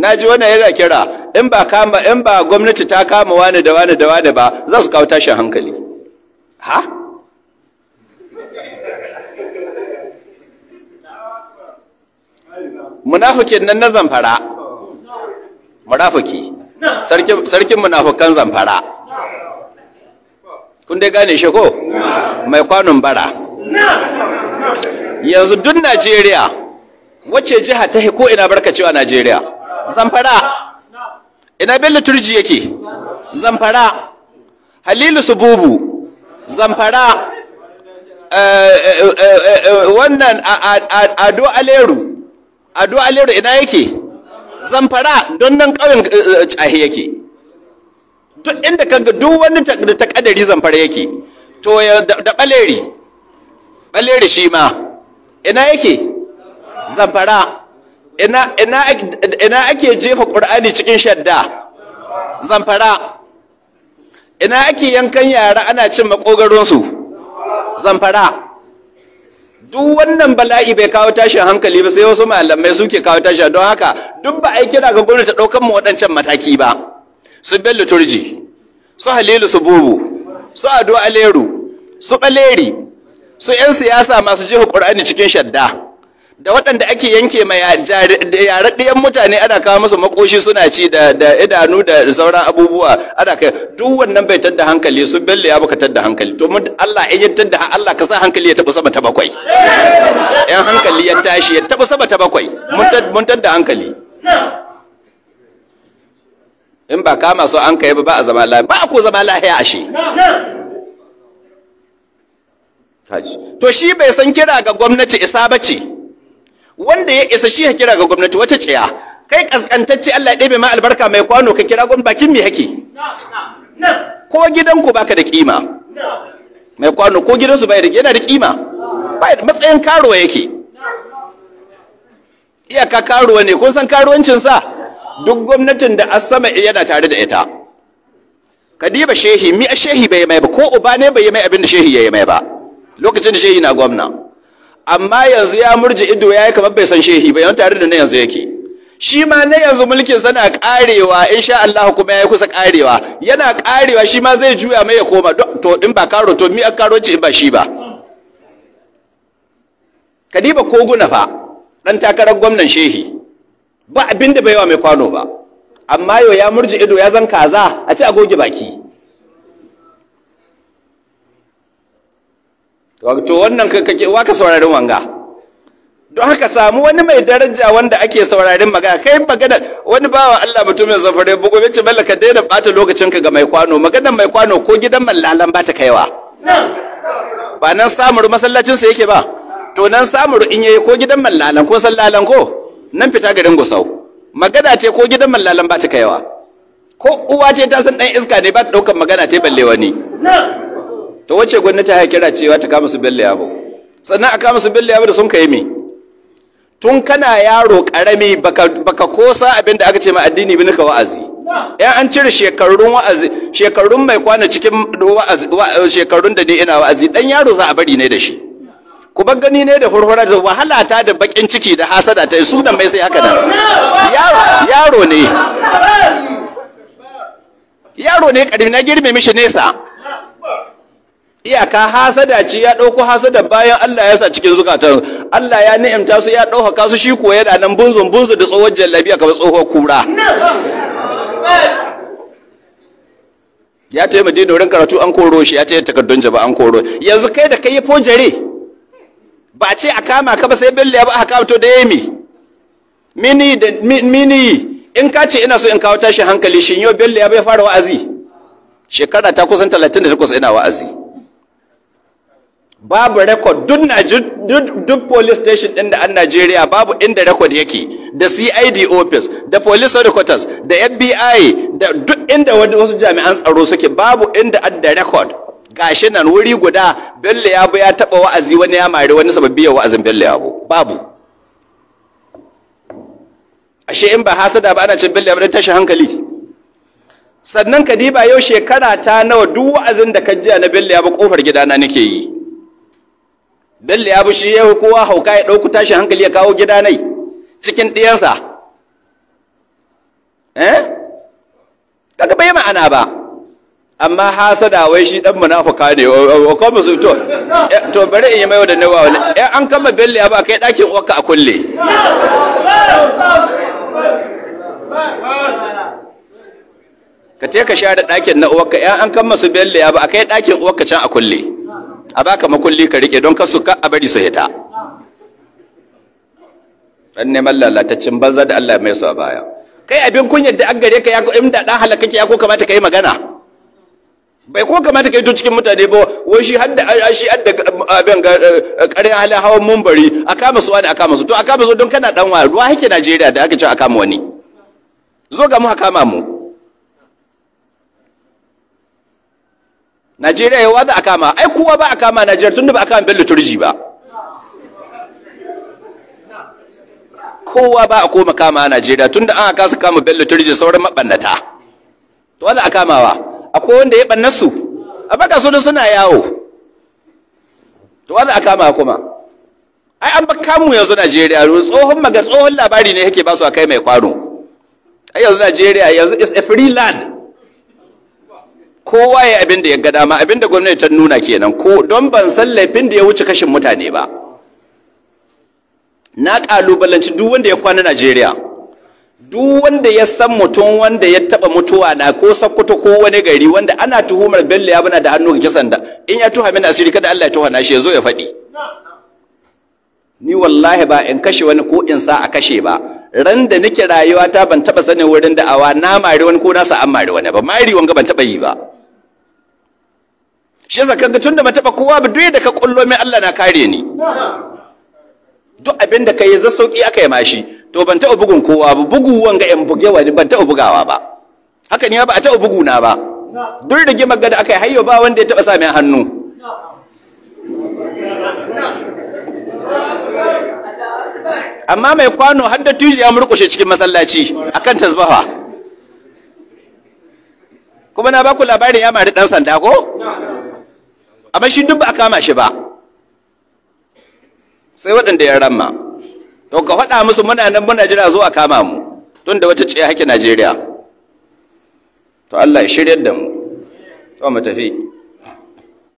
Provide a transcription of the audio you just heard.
na ji wannan yana kira in ba kama in ba gwamnati ta kama wani da wani da wani ba za su kawo tashin hankali ha munafikin nan na zamfara munafiki sarkin munafukan zamfara kun dai gane shi ko mai kwanon bara yanzu duk najeriya wacce jiha ta ko ina barka cewa najeriya zamfara ina bello turji yake zamfara halilu sububu zamfara eh, eh, eh, wannan ado aleru ado aleru ina yake zamfara don nan ƙauyen cahe yake duk inda kaga duk wani da ta kadari zamfara yake to da baleri baleri shi ma ina yake zamfara ina ake jefa ƙur'ani cikin shadda zamfara ina ake yankan yara ana cin makogaronsu zamfara duk wannan bala'i bai kawo tashin hankali ba sai wasu malamai suke kawo tashin don haka duk ba a yi kira ga gwamnati ɗaukan mu waɗancan mataki ba su bello turji su halilu su bubu su ado aleru su ɓaleri su 'yan siyasa masu jefa ƙur'ani cikin shadda da waɗanda ake yanke mai yare ɗayan mutane ana kawo musu makoshi suna ci da idanu da sauran abubuwa ana kai duk wannan bai tadda hankali su belle ya baka tadda hankali to Allah in ya tadda Allah ka sa hankali ya tafi sama ta bakwai yan hankali ya tashi ya tafi sama ta bakwai mun tadda hankali in ba kama so an kai ba ba a zama lahiya ba a ko zama lahiya ashe to shi bai san kira ga gwamnati isa ba ce wanda ya isa shi ya kira ga gwamnati wata tsiya kai kaskantacce Allah ya ɗebe ma albarka mai kwano ka kira gwamnati bakin me hake ko gidanku baka da kima mai kwano ko gidansu bai yana da kima matsayin karuwa yake iyaka karuwa ne kun san karuwancin sa duk gwamnatin da asama yana tare da ita kadiba shehi mi a shehi bai mai ba ko uba ne bai mai abin da shehi yayi mai ba lokacin da shehi na gwamna amma yanzu ya murji ido ya yi kamar bai san shehi ba yanzu tare da na yanzu yake shi ma na yanzu mulkin sana karewa sha Allah kuma ya kusa karewa yana karewa shi ma zai juya mai ya koma to in ba karo to mi an karo ci ba shi ba kadiba koguna fa dan takarar gwamnan shehi ba abinda bai yawa mai kwano ba amma yau ya murji ido ya zan kaza a ci goge baki to wannan kake waka saurarin wanga don haka samu wani mai daraja wanda ake saurarin magana kai magana wani bawa Allah mutumin zafare bugu ya ce mallaka daina bata lokacinka ga mai kwano maganar mai kwano ko gidan mallalan ba ta kaiwa ba nan samuru masallacin sa yake ba to nan samuru in yayi ko gidan mallalan ko sallalan ko nan fita garin gusau magana ce ko gidan mallalan ba ta kaiwa ko uwa ce ta san dan iska ne ba ta daukar magana ta balle wani na'am to wace gwamnati ya kira cewa ta kama su bello yabo sannan a kama su bello yabo da sun kai me tun kana yaro karami baka baka kosa abin da aka ce ma addini bi ka wa'azi Yan an cire shekarun wa'azi shekarun mai kwana cikin wa'azi shekarun da dai ina wa'azi dan yaro za a bari ne da shi ku bar gani ne da hurhura da wahala ta da bakin ciki da hasada ta su da mai sai haka nan yaro ne yaro ne karfi na girme mishi nesa iyaka hasada ce ya ɗauko hasada bayan Allah ya sa cikin zukatan Allah ya ni'imta su ya ɗaukaka su shi kuwa yana nan bunzun bunzun da tsohon jallabi a kamar tsohon kura ya ce mu wurin karatu an koro shi ya ce takardun jaba an koro yanzu kai da kai ya jare ba ce a kama ka ba sai billa ya ba aka kawo to da yemi mini da mini in ka ce ina so in kawo tashin hankali shin yau billa ya bai fara wa'azi shekara ta kusan 38 ina wa'azi babu rekod duk police station ɗin da an Najeriya babu inda rekod yake da CID office da police headquarters da FBI da duk inda wasu jami'an tsaro suke babu inda an da rekod gashi nan wuri guda Bello Yabo ya taɓa wa'azi wani ya mari wani sababbi ya wa'azin Bello Yabo babu ashe in ba hasada ba ana cin Bello Yabo tashin hankali sannan kadiba yau shekara ta nawa duk wa'azin da ka jiya na Bello Yabo kofar gidana nake yi bello ya bushi yau kowa hauka ya ɗauku tashi hankali ya kawo gida nai cikin ɗiyansa eh kaga bai ma'ana ba amma hasada wai shi dan munafuka ne wa kuma su to eh, to bari in yi mai wadanne wa wani, eh an kama bello ya ba kai ɗakin uwarka a kulle ka te ka share ɗakin na uwarka ya eh, an kama su bello ya ba kai ɗakin uwarka can a kulle a baka makulli ka rike don kasu ka a bari su hita dan neman lalatacin banza da Allah mai su a baya kai abin kunyar da an gare ka ya inda dan halaka ya ko kamata kai magana bai ko kamata kai to cikin mutane ba wai shi hadda shi hadda abin karin halin hawan mumbari a kama su wani a kama su to a kama su don kana dan wa ruwa hake Najeriya da aka ce a kama wani zo ga mu a kama mu najeriya yawa za a kama ai kowa ba a kama najeriya tunda ba a kama bello turji ba kowa ba a koma kama najeriya tunda an su kama bello turji sauran mabannata to wanda a kamawa akwai wanda ya bannar su a baka su suna yawo to wanda a kama kuma ai an ba kamu yanzu najeriya tsohon maga tsohon labari ne yake ba su a kai mai kwano ai yanzu najeriya yanzu is a free land kowa ya abin da ya ga dama abin da gwamnati ta nuna kenan ko don ban san laifin da ya wuce kashin mutane ba na kalubalanci duk wanda ya kwana Najeriya duk wanda ya san mutum wanda ya taba mutuwa na ko Sokoto ko wani gari wanda ana tuhumar Bello ya bana da hannu ga kisan da in ya tuha min asiri kada Allah ya tuha nashi ya yazo ya faɗi ni wallahi ba in kashe wani ko in sa a kashe ba ran da nake rayuwa ta ban taba sanin wurin da'awa na mari wani ko na sa an mari wani ba mari wanga ban taba yi ba shi yasa kaga tunda ba taba kowa ba duk da ka kullo mai Allah na kare ni duk abin da kai ya sauki aka yi mashi to ban taɓa bugun kowa ba bugu wanga yan bugewa ban taɓa bugawa ba haka ne ba a taɓa bugu na ba duk da gima gada aka yi hayyo ba wanda ya taɓa sa mai hannu amma mai kwano har da tuji ya murkushe cikin masallaci akan tasbaha kuma na baku labarin ya mari dan sanda ko amma shi duk ba a kama shi ba sai waɗanda ya ramma to ka faɗa musu muna nan muna jira zo kama mu tun da wata ce hake Najeriya to Allah ya shiryar da mu to mu tafi